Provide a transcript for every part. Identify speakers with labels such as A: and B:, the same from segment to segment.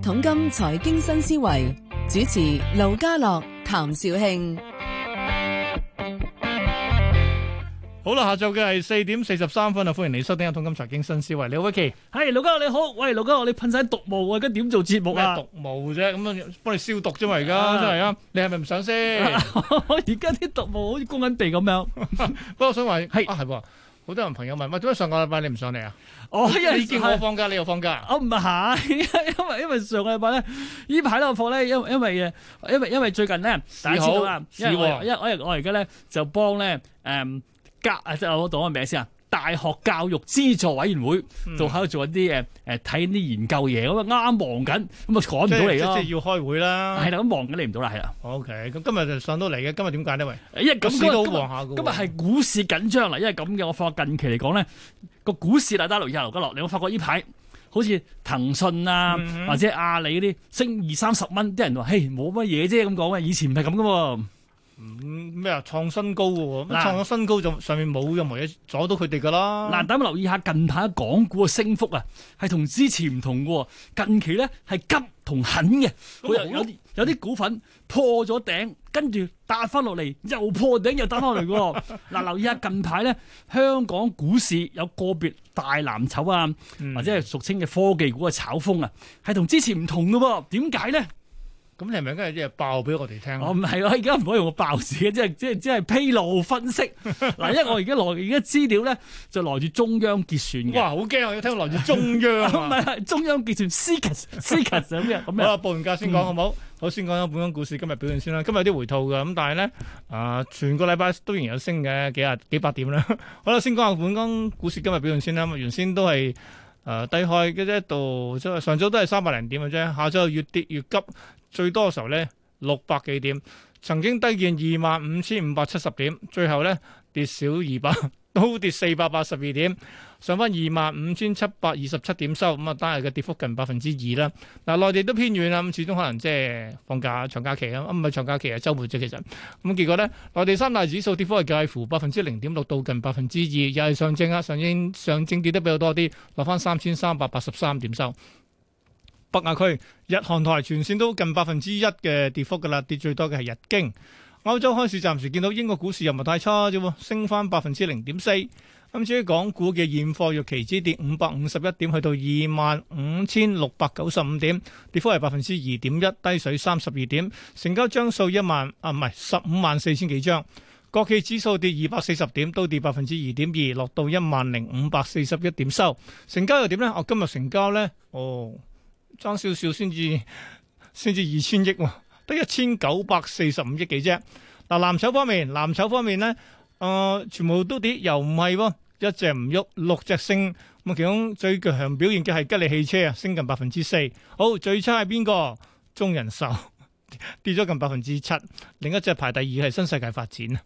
A: 統金財經新思維主持盧家樂、譚兆慶，
B: 好啦，下晝嘅係四點四十三分啊！歡迎你收聽《統金財經新思維》，你好威奇，係盧、hey, 家樂你好，喂盧家樂你噴晒毒霧啊，而家點做節目啊？毒霧啫，咁啊，幫你消毒啫嘛，而家真係啊，你係咪唔想先？而家啲毒霧好似公緊地咁樣，不過我想話係啊係。好多人朋友問，乜點解上個禮拜你唔上嚟啊？哦、我因為你見我放假，是你又放假？我唔係，因為因為上個禮拜咧，依排咧放咧，因
A: 為因為因為因為最近咧，大家好知道啦，好因為我我而家咧就幫咧誒、呃、加啊，即、就、係、是、我讀個名先啊。大學教育資助委員會，仲喺度做一啲誒誒睇啲研究嘢。咁啊啱啱忙緊，咁啊趕唔到嚟咯。即係要
B: 開會啦。係啦，
A: 咁忙緊你唔到啦，係啊。OK，咁今日就上到嚟嘅。今日點解呢？喂，因為咁多，今日係股市緊張啦。因為咁嘅，我發覺近期嚟講咧，個股市大家留意下。劉家樂，你會發覺呢排好似騰訊啊，嗯嗯或者阿里嗰啲升二三十蚊，啲人話：嘿，冇乜嘢啫，咁講以前唔係咁噶。唔咩啊？創新高嘅喎，創咗新高就上面冇任何嘢阻到佢哋噶啦。嗱、啊，但我留意下近排港股嘅升幅啊，係同之前唔同嘅。近期咧係急同狠嘅，佢又、嗯、有啲、嗯、股份破咗頂，跟住打翻落嚟，又破頂又打翻落嚟嘅。嗱、 啊，留意下近排咧，香港股市有個別大藍籌啊，嗯、或者係俗稱嘅科技股嘅炒風啊，係同之前唔同嘅喎。點解咧？咁你係咪而家即係爆俾我哋聽？我唔係咯，而家唔可以用個爆字嘅，即係即係即係披露分析。嗱，因為我而家來而家資料咧，就來自中央結算嘅。哇！好驚，我要聽來自中央，唔
B: 係，中央結算。s e c r s s e c r s 咁樣咁樣。我話報完價先講好唔好？我先講下本港股市今日表現先啦。今日有啲回吐嘅，咁，但係咧啊，全個禮拜都仍然有升嘅，幾廿幾百點啦。好啦，先講下本港股市今日表現先啦。原先都係誒低開嘅啫，度即係上早都係三百零點嘅啫，下早越跌越急。最多嘅時候咧六百幾點，曾經低見二萬五千五百七十點，最後咧跌少二百，都跌四百八十二點，上翻二萬五千七百二十七點收，咁啊單日嘅跌幅近百分之二啦。嗱，內地都偏遠啦，咁始終可能即係放假長假期啊，唔係長假期係週末啫，其實咁結果咧內地三大指數跌幅係介乎百分之零點六到近百分之二，又係上證啊，上證上證跌得比較多啲，落翻三千三百八十三點收。北亞區、日韓台全線都近百分之一嘅跌幅噶啦，跌最多嘅係日經。歐洲開市，暫時見到英國股市又唔係太差啫，升翻百分之零點四。咁至於港股嘅現貨弱期指跌五百五十一點，去到二萬五千六百九十五點，跌幅係百分之二點一，低水三十二點，成交張數一萬啊，唔係十五萬四千幾張。國企指數跌二百四十點，都跌百分之二點二，落到一萬零五百四十一點收。成交又點呢？我今日成交呢。哦。爭少少先至，先至二千億喎、哦，得一千九百四十五億幾啫。嗱、啊，藍籌方面，藍籌方面咧，誒、呃，全部都跌，又唔係喎，一隻唔喐，六隻升。咁其中最強表現嘅係吉利汽車啊，升近百分之四。好，最差係邊個？中人壽跌咗近百分之七。另一隻排第二係新世界發展啊。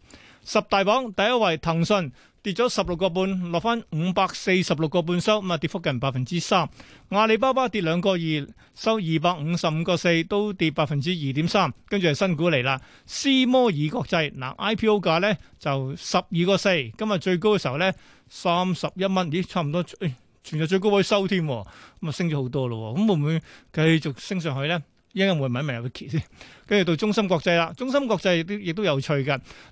B: 十大榜第一位騰訊。跌咗十六個半，落翻五百四十六個半收，咁啊跌幅近百分之三。阿里巴巴跌兩個二，收二百五十五個四，都跌百分之二點三。跟住係新股嚟啦，思摩爾國際嗱 IPO 價咧就十二個四，今日最高嘅時候咧三十一蚊，咦差唔多誒、哎、全日最高位收添，咁啊升咗好多咯，咁會唔會繼續升上去咧？應該會唔係明入去揭先，跟住到中芯國際啦。中芯國際亦都亦都有趣嘅。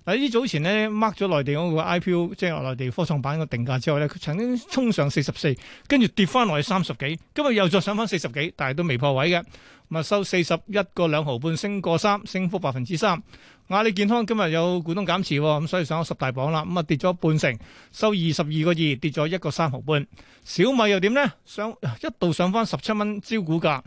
B: 嗱，呢啲早前咧 mark 咗內地嗰個 IPO，即係內地的科創板嘅定價之後咧，佢曾經衝上四十四，跟住跌翻落去三十幾，今日又再上翻四十幾，但係都未破位嘅。咁啊，收四十一個兩毫半，升過三，升幅百分之三。阿里健康今日有股東減持，咁所以上咗十大榜啦。咁啊，跌咗半成，收二十二個二，跌咗一個三毫半。小米又點咧？上一度上翻十七蚊招股價。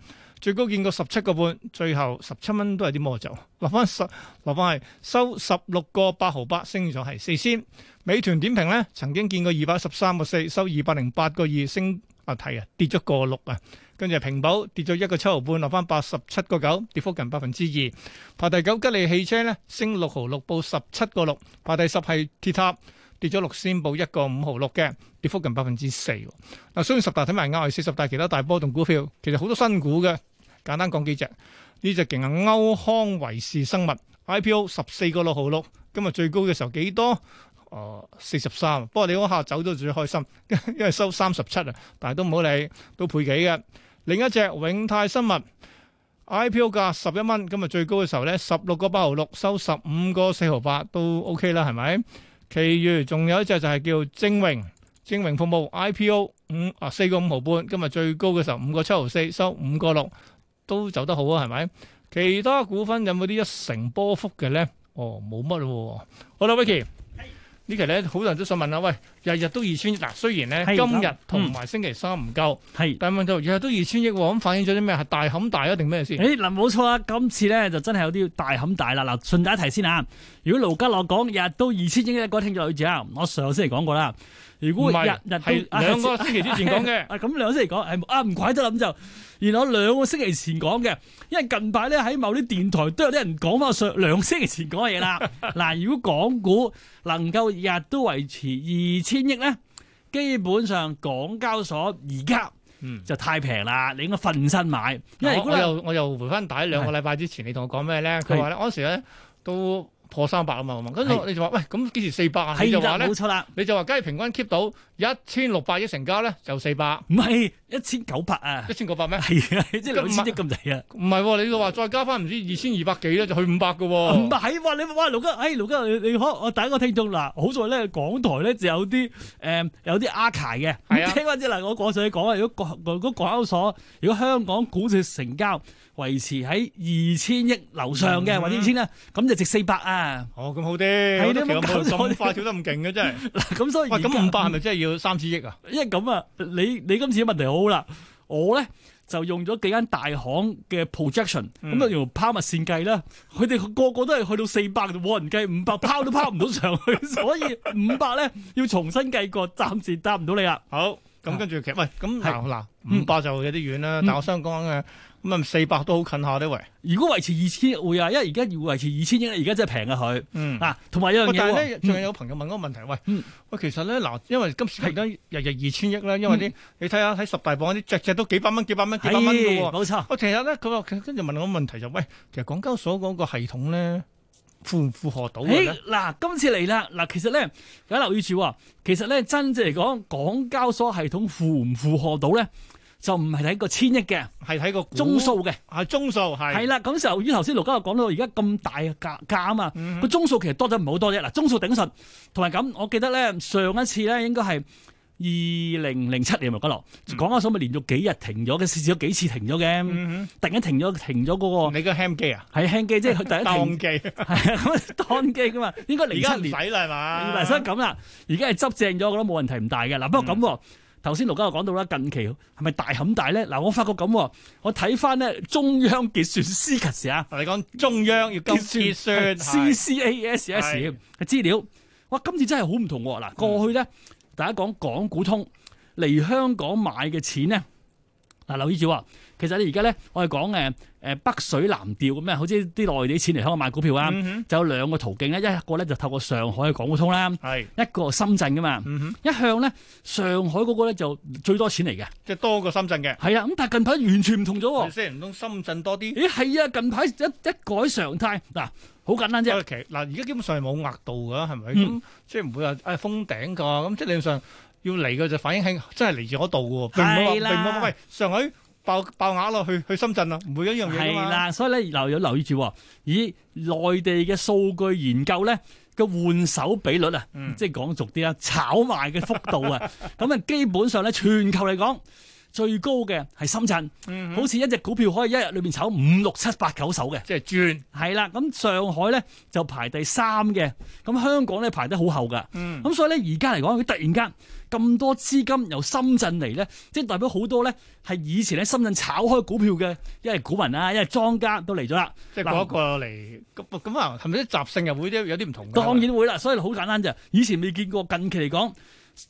B: 最高見過十七個半，最後十七蚊都係啲魔咒。落翻十，落翻係收十六個八毫八，升咗係四仙。美團點評咧？曾經見過二百一十三個四，收二百零八個二，升啊睇啊跌咗個六啊，跟住係平保跌咗一個七毫半，落翻八十七個九，跌幅近百分之二。排第九吉利汽車咧，升六毫六報十七個六。排第十係鐵塔，跌咗六仙，報一個五毫六嘅，跌幅近百分之四。嗱，雖然十大睇埋額外四十大其他大波動股票，其實好多新股嘅。簡單講幾隻呢隻勁啊！歐康維視生物 IPO 十四個六毫六，今日最高嘅時候幾多？誒四十三。不過你嗰下走都最開心，因為收三十七啊，但係都唔好理，都倍幾嘅。另一隻永泰生物 IPO 價十一蚊，今日最高嘅時候呢十六個八毫六，收十五個四毫八都 OK 啦，係咪？其餘仲有一隻就係叫精榮，精榮服務 IPO 五啊四個五毫半，今日最高嘅時候五個七毫四，收五個六。都走得好啊，係咪？其他股份有冇啲一成波幅嘅咧？哦，冇乜喎。好啦，Vicky，是呢期咧好多人都想問啊喂。日日都二千億嗱，雖然咧今日同埋星期三唔夠，嗯、但問到日日都二千億喎，咁反映咗啲咩？係大冚大一定咩先？誒嗱、哎，冇錯啊，今次咧
A: 就真係有啲大冚大啦嗱。順帶一提先啊，如果盧吉樂講日日都二千億嘅歌、那個、聽咗好長，我上星期講過啦。如果日是日係都兩個星期之前講嘅、哎哎哎，啊咁兩個星期講係啊唔怪得諗就，原來兩個星期前講嘅，因為近排咧喺某啲電台都有啲人講翻上兩星期前講嘅嘢啦。嗱， 如果港股能夠日都維持二千，千億咧，基本上港交所而家
B: 就太平啦，嗯，你應該瞓身買。我因為我又我又回翻大兩個禮拜之前你，你同我講咩咧？佢話咧，嗰時咧都。破三百啊嘛，咁跟住的你就話喂，咁幾時四百啊？係就話啦你就話，梗係平均 keep 到一千六百億成交咧，就四百。唔係一千九百啊！一千九百咩？係、 就是、啊，即兩千億咁滯啊！唔係你再加翻唔知二千二百幾咧，就去五百喎。唔係喎，你話再加返唔知二千二百幾呢，就去五百㗎喎。唔係喎，的你話再加翻唔知二千二百幾咧，就去五百㗎喎。唔係喎，你話，盧哥，呃，盧哥，你，你好，我第一個聽眾。嗱，好在
A: 咧，港台咧就有啲，呃，有啲 archive 嘅，聽返。嗱，我講上去講啊，如果港，如果港交所，如果香港股市成交維持喺二千億樓上嘅，或者二千咧？咁就值四百啊！哦，
B: 咁好啲，係咯，咁快跳得咁
A: 勁嘅真係。嗱，咁所以，喂，咁五百係咪真係要三千億啊？因為咁啊，你你今次嘅問題好啦。我咧就用咗幾間大行嘅 projection，咁啊用拋物線計啦。佢哋個個都係去到四百，冇人計五百拋都拋唔到上去，所以
B: 五百咧要重新計過，暫時答唔到你啦。好，咁跟住其實喂，咁嗱嗱五百就有啲遠啦。但我想講嘅。咁啊，四百都好近下咧，喂！如果維持二千，會啊，因為而家要維持二千億，而家真係平啊佢。嗯，嗱、啊，同埋有一樣嘢。但係咧，最近、嗯、有朋友問嗰個問題，嗯、喂，喂、嗯，其實咧嗱，因為今次今日日日二千億啦，是因為啲你睇下喺十大榜啲，隻隻都幾百蚊、幾百蚊、是幾百蚊嘅喎，冇錯。啊、其成日咧，佢話，跟住問我問題就喂，其實港交所嗰個系統咧，負唔負荷到咧？嗱、欸，今次嚟啦，嗱，其實咧，大
A: 家留意住，其實咧，真正嚟講，港交所系統負唔負荷到咧？就唔係睇個千億嘅，係睇個中數嘅。係中數係。係啦，咁時候於頭先盧家樂講到，而家咁大價價啊嘛，個中數其實多咗唔係好多啫。嗱，中數頂實同埋咁，我記得咧上一次咧應該係二零零七年盧家樂講緊所咪連續幾日停咗嘅，試咗幾次停咗嘅。突然間停咗，停咗嗰個。你個 ham 機啊？係 ham 機，即係佢第一停機，係啊，當機噶嘛。應該零七年使啦係嘛？嗱，所以咁啦，而家係執正咗，我覺得冇問題，唔大嘅。嗱，不過咁。頭先盧家又講到啦，近期係咪大冚大咧？嗱，我發覺咁，我睇翻咧中央結算司級時啊，同你講中央要今次算結算 C C A S S 嘅是資料，哇，今次真係好唔同喎！嗱，過去咧，大家講港股通嚟香港買嘅錢咧。嗱，劉醫生話：其實你而家咧，我哋講誒誒北水南調咁咩，好似啲內地錢嚟香港買股票啊，就有兩個途徑咧，一個咧就透過上海嘅港股通啦，一個深圳噶嘛。一向咧，上海嗰個咧就最多錢嚟嘅，即係多過
B: 深圳嘅。係啊，咁但係近排完全唔同咗喎。即係唔通深圳多啲？咦係啊！近排一一改常態，嗱，好簡單啫。嗱，而家基本上係冇額度㗎，係咪？咁即係唔會話誒封頂㗎，咁即係理論上。要嚟嘅就反映係真係嚟住嗰度嘅喎，唔會對啦並唔會上海爆爆額落去去深圳啊，唔會一樣嘢啊嘛。係啦，所以咧留有留意住
A: 喎，以內地嘅數據研究咧嘅換手比率啊，嗯、即係講俗啲啦，炒賣嘅幅度啊，咁啊 基本上咧全球嚟講最高嘅係深圳，嗯、哼 好似一隻股票可以一日裏邊炒五六七八九手嘅，即係轉。係啦，咁上海咧就排第三嘅，咁香港咧排得好後噶。咁、嗯、所以咧而家嚟講，佢突然間。咁多資金由深圳嚟咧，即係代表好多咧係以前咧深圳炒開股票嘅，一係股民啦，一係莊家都嚟咗啦，即係嗰個嚟咁咁啊，係咪啲習性又會啲有啲唔同？當然會啦，所以好簡單咋。以前未見過，近期嚟講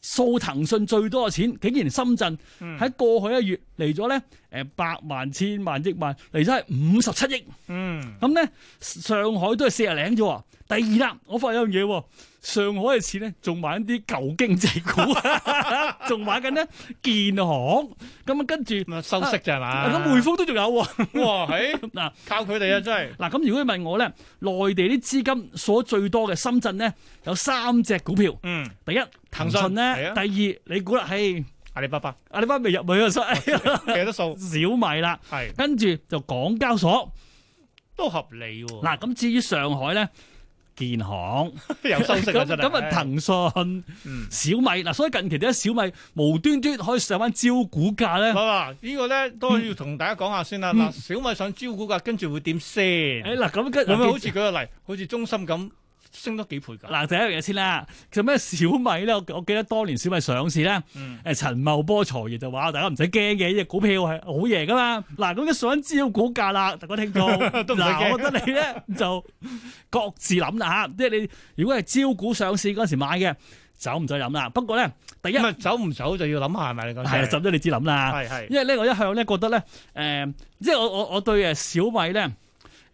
A: 數騰訊最多嘅錢，竟然深圳喺過去一月嚟咗咧。嗯誒，百萬、千萬、億萬嚟咗係五十七億，嗯，咁咧上海都係四啊零啫喎。第二啦，我發現一樣嘢喎，上海嘅錢咧仲買一啲舊經濟股，仲 買緊呢建行，咁啊跟住、啊、收息啫嘛，咁匯豐都仲有喎，嗱，靠佢哋啊真係嗱，咁如果你問我咧，內地啲資金所最多嘅深圳咧有三隻股票，嗯，第一騰訊咧，嗯啊、第二你估啦係。阿里巴巴、阿里巴巴未入去啊，衰，幾多數？小米啦，係，跟住就港交所都合理。嗱，咁至於上海咧，建行有收息嘅真係。咁啊，騰
B: 訊、小米，嗱，所以近期點解小米無端端可以上翻招股價咧？哇，呢個咧都係要同大家講下先啦。嗱，小米上招股價，跟住會點先？誒，嗱，咁跟，咪好似舉個例，好似中芯咁。升多幾倍噶，
A: 嗱，第一樣嘢先啦。其實咩小米咧？我我記得當年小米上市咧，誒陳茂波財爺就話，大家唔使驚嘅，呢隻股票係好贏噶嘛。嗱，咁一上招股價啦，大家聽到。嗱，我覺得你咧就各自諗啦嚇，即係你如果係招股上市嗰陣時買嘅，走唔再諗啦。不過咧，第一走唔走就要諗下，係咪你覺得？係啦，走咗你先諗啦。係係，因為咧我一向咧覺得咧，誒，即係我我我對誒小米咧，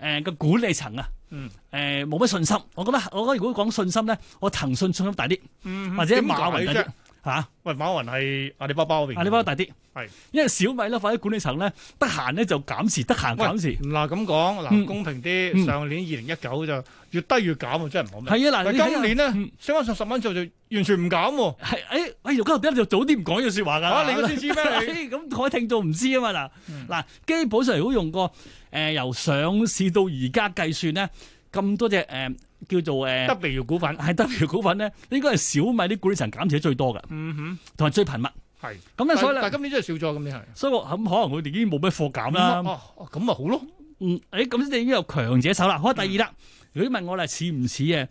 A: 誒個管理層啊。嗯，誒冇乜信心，我覺得我覺得如果講信心咧，我騰訊信心大啲，
B: 嗯嗯、或者馬雲大啲。
A: 吓，喂，馬雲係阿里巴巴嗰邊，阿里巴巴大啲，係，因為小米咧，或者管理層咧，得閒咧就減持，得閒減持。嗱咁講，嗱公平啲，上
B: 年二零一九就越低越減，真係唔好咩？係啊，嗱，今年咧，上翻十十蚊，就就完全唔減。係，誒，如今日點解就早啲唔講呢句說話噶。你都知知咩？你咁我
A: 聽到唔知啊嘛。嗱嗱，基本上如果用個誒由上市到而家計算咧，咁多隻誒。叫做誒，W 股份係 W 股份咧，應該係小米啲管理層減持最多嘅，嗯哼，同埋最頻密，係咁咧，所以咧，但今年真係少咗咁，你係，所以咁可能佢哋已經冇咩貨減啦。咁咪好咯，嗯，誒，咁你已經有強者手啦。好，第二啦，如果問我啦，似唔似誒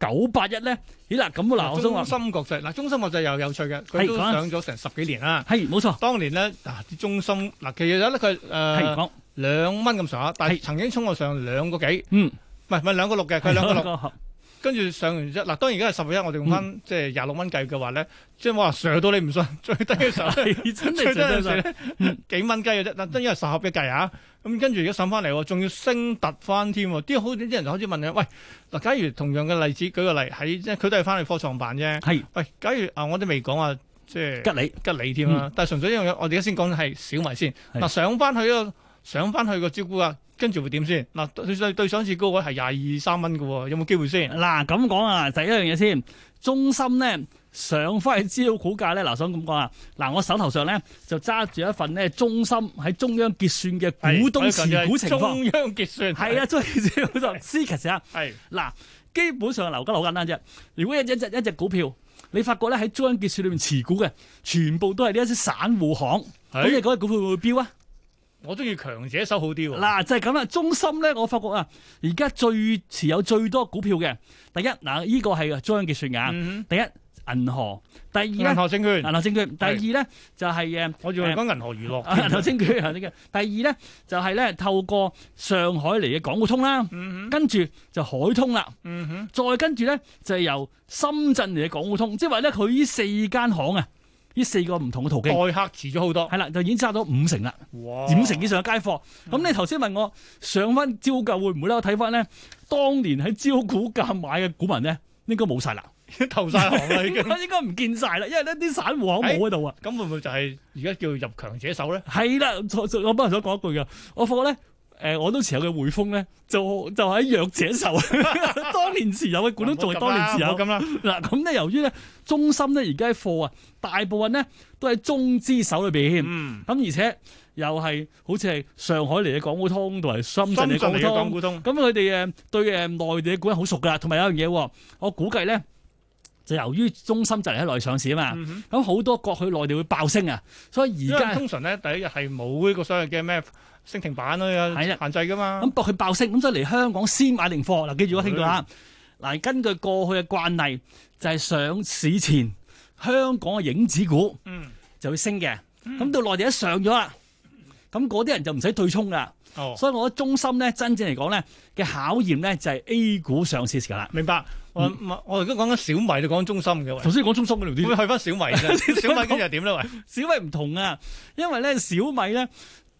A: 九八一咧？咦嗱，咁嗱，我先話中
B: 芯國際嗱，中芯國際又有趣嘅，佢都上咗成十幾年啦。係冇錯，當年咧嗱啲中芯嗱，其實咧佢誒兩蚊咁上下，但係曾經衝過上兩個幾，嗯。唔係，唔係兩個六嘅，佢兩個六，跟住上完之後，嗱、嗯、當然而家係十合一，我哋用翻即係廿六蚊計嘅話咧，即係我話上到你唔信，最低嘅時候咧，真係、嗯、幾蚊雞嘅啫，但真因為十合一計啊，咁跟住而家上翻嚟，仲要升突翻添，啲好啲啲人就開始問你：「喂，嗱假如同樣嘅例子，舉個例喺即係佢都係翻去科創板啫，係，喂假如啊我都未講啊，講即係吉利吉利添啊，嗯、但係純粹一樣嘢，我哋而家先講係小米先，嗱上翻去啊。上翻去個招股啊，跟住會點先？嗱，對上次高位係廿二三蚊嘅，有冇機會先？嗱，咁講啊，第一樣嘢先，中芯
A: 咧上翻去招股價咧，嗱 想咁講啊，嗱我手頭上咧就揸住一份咧中芯喺中央結算嘅股東持股情況，中央結算係啊，中央結算其級啊，係嗱， 基本上留得好簡單啫。如果一隻隻一隻，一隻股票，你發覺咧喺中央結算裏面持股嘅，全部都係呢一啲散戶行，咁的你嗰隻股票會唔會飚啊？我中意強者收好啲喎。嗱、啊，就係咁啦。中芯咧，我發覺啊，而家最持有最多股票嘅，第一嗱，呢、這個係中央結算。嗯、哼第一銀河，第二銀銀河證券，銀河證券。第二咧就係、是、誒。是啊、我仲係講銀河娛樂。銀河證券，銀河 第二咧就係、是、咧透過上海嚟嘅港股通啦，嗯、哼跟住就海通啦，嗯、哼再跟住咧就係、是、由深圳嚟嘅港股通，即係話咧佢呢四間行啊。呢四個唔同嘅途徑，代客遲咗好多，係啦，就已經差咗五成啦，
B: 哇五成
A: 以上嘅街貨。咁、嗯、你頭先問我上翻招價會唔會咧？我睇翻咧，當年喺招股價買嘅股民咧，應該冇晒啦，投晒降啦， 應該唔見晒啦，因為呢啲散戶都冇喺度啊。咁、欸、會唔會就係而家叫入強者手咧？係啦，我本人想講一句嘅，我發覺咧。誒、嗯，我都持有嘅匯豐咧，就就喺弱者手。 當年持有嘅股東仲係當年持有。咁啦，嗱，咁咧， 由於咧，中芯咧而家貨啊，大部分咧都喺中資手裏邊。嗯。咁而且又係好似係上海嚟嘅港股通同埋深圳嘅港股通。深圳嘅港股通。咁佢哋誒對誒內地嘅股好熟噶啦，同埋有樣嘢，我估計咧。就由於中芯就嚟喺內上市啊嘛，咁好多過去內地會爆升啊，所以而家通常咧第一日係冇呢個所謂嘅咩升停板咯，有限制噶嘛。咁過去爆升，咁所以嚟香港先買定貨。嗱，記住我聽到吓，嗱，根據過去嘅慣例，就係上市前香港嘅影子股就會升嘅，咁到內地一上咗啦，咁嗰啲人就唔使對沖喇。Oh. 所以，我覺得中芯咧真正嚟講咧嘅考驗咧就係、是、A 股上市㗎啦。明白？我、嗯、我我而家講緊小米，你講中芯嘅。頭先講中芯嗰條點？會會去翻小米啫。 小米點又點咧？小米唔同啊，因為咧小米咧。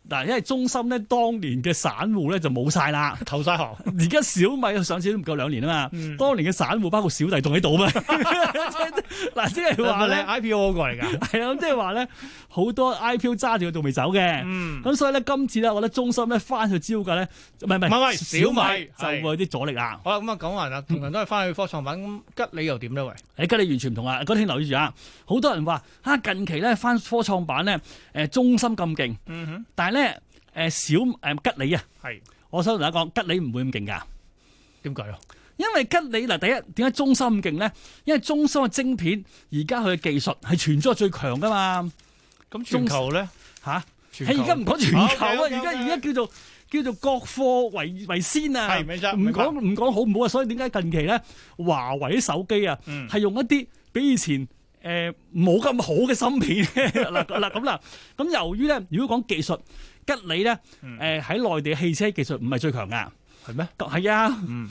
A: 嗱，因為中芯咧，當年嘅散戶咧就冇晒啦，投晒行。而家小米上市都唔夠兩年啊嘛，當年嘅散戶包括小弟仲喺度嘛。嗱，即係話咧 IPO 過嚟㗎，係啊，即係話咧好多 IPO 揸住佢仲未
B: 走嘅，
A: 咁所以咧今次咧，我覺得中芯咧翻去招嘅咧，唔係唔係小米就
B: 會有啲阻力啊。好啦，咁啊講完啊，同樣都係翻去科創板，吉你又點咧？喂，
A: 吉你完全唔同啊！嗰天留意住啊，好多人話近期咧翻科創板咧，中芯咁勁，但係咧。咩？小誒吉是利啊，係，我先同大家講，吉利唔會咁勁噶。點解啊？因為吉利嗱，第一點解中芯咁勁咧？因為中芯嘅晶片而家佢嘅技術係全中國最強噶嘛。咁全球咧吓？係而家唔講全球，全球啊，而家而家叫做叫做國貨為為先啊。係嗎，唔錯，唔講好唔好啊？所以點解近期咧，華為手機啊，係、嗯、用一啲比以前。誒，冇咁好嘅芯片咧，嗱嗱咁啦，咁由於咧，如果講技術，吉利咧，誒喺內地汽車技術唔係最強噶係咩？係啊，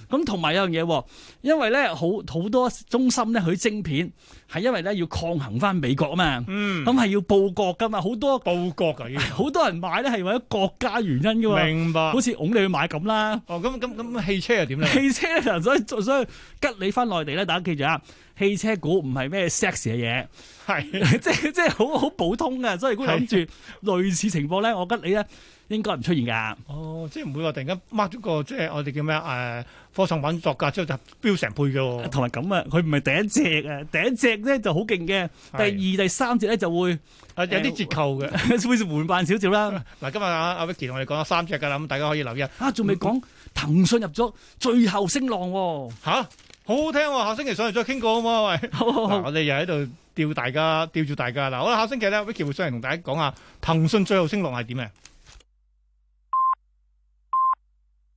A: 咁同埋一樣嘢，因為咧好好多中心咧佢晶片，係因為咧要抗衡翻美國啊嘛，咁係要報國噶嘛，好多報國噶好多人買咧係為咗國家原因噶嘛，明白？好似拱你去買咁啦，哦，咁咁咁汽車又點咧？汽車咧，所以所以吉利翻內地咧，大家記住啊。汽車股唔係咩 sexy 嘅嘢，係即係即係好好普通嘅，所以如果諗住類
B: 似情況咧，我覺得你咧應該唔出現㗎。哦，即係唔會話突然間掹咗個即係我哋叫咩誒科創板作價之後就飆成倍嘅喎。同埋咁啊，佢唔係第一隻啊，第一
A: 隻咧就好勁嘅，第二第三隻咧就會有啲折扣嘅，算是緩慢
B: 少少啦。嗱，今日啊阿 Bikian，我哋講咗三隻㗎啦，咁大家可以留意啊，仲未講騰訊入咗最後聲浪喎嚇。好好聽喎，哦，下星期上嚟再傾過啊嘛，喂！好，好，好，啊，我哋又喺度吊大家，吊住大家啦好啦，下星期咧，Vicky 會上嚟同大家講下騰訊最後升浪係點嘅。